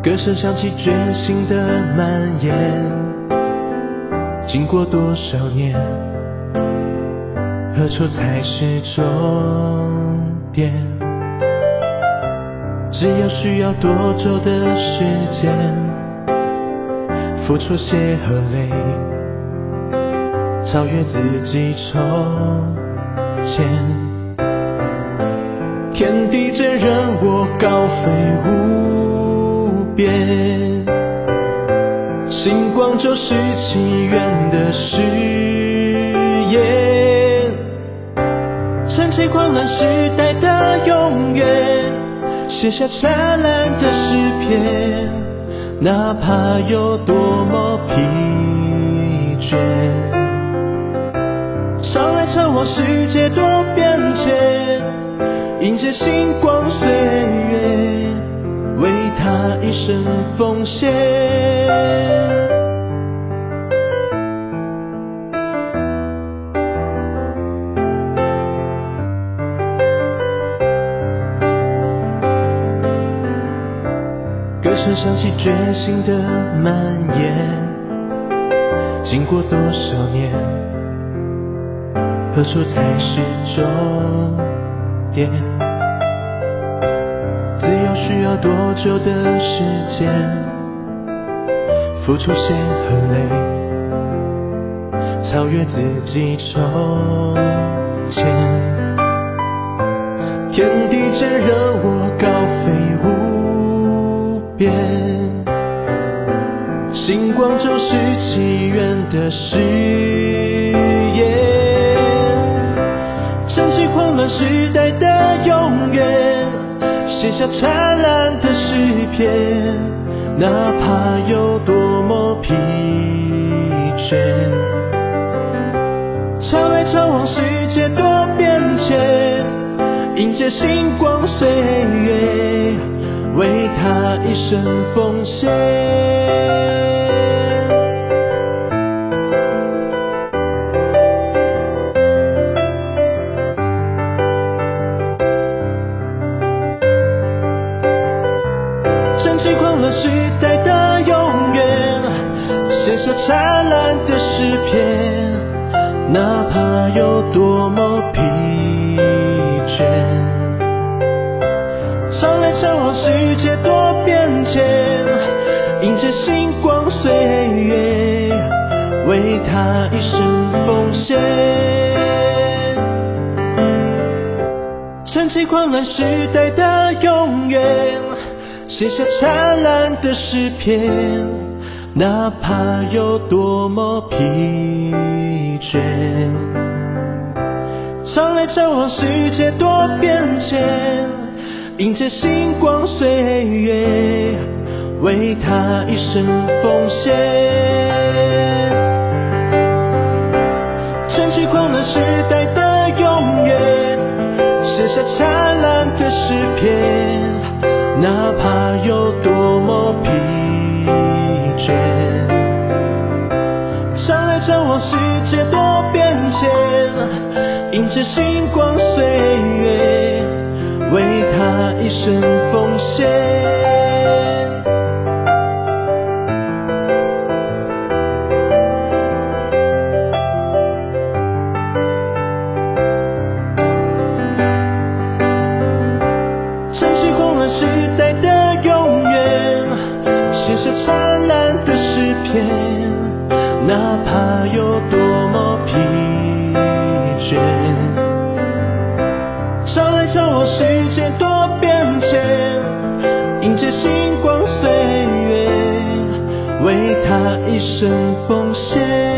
歌聲響起，覺醒的蔓延。經過多少年，何處才是終點？自由需要多久的時間，付出血和淚，超越自己，從前。天地間任我高飛無邊。就是祈願的誓言，撐起狂亂時代的永遠，寫下燦爛的詩篇，哪怕有多麼疲倦。潮來潮往，世界多變遷，迎接心光歲月，為它一生奉獻。歌聲響起，覺醒的蔓延。經過多少年，何處才是終點。自由需要多久的時間？付出血和淚，超越自己從前。天地間，任我高飛邊，心光就是祈願的誓言，撐起狂亂時代的永遠，寫下燦爛的詩篇，哪怕有多麼疲倦。潮來潮往，世界多變遷，迎接心光歲月。為他一生奉獻，撐起狂亂時代的永遠，寫下燦爛的詩篇，哪怕有多麼疲倦起狂亂時代的永遠，寫下燦爛的詩篇，哪怕有多麼疲倦。潮來潮往，世界多變遷，迎接心光歲月，為它一生奉獻。燦爛的詩篇，哪怕有多麼疲倦。潮來潮往，世界多變遷，迎接心光。燦爛的詩篇，哪怕有多麼疲倦。潮來潮往，世界多變遷，迎接心光歲月，為它一生奉獻。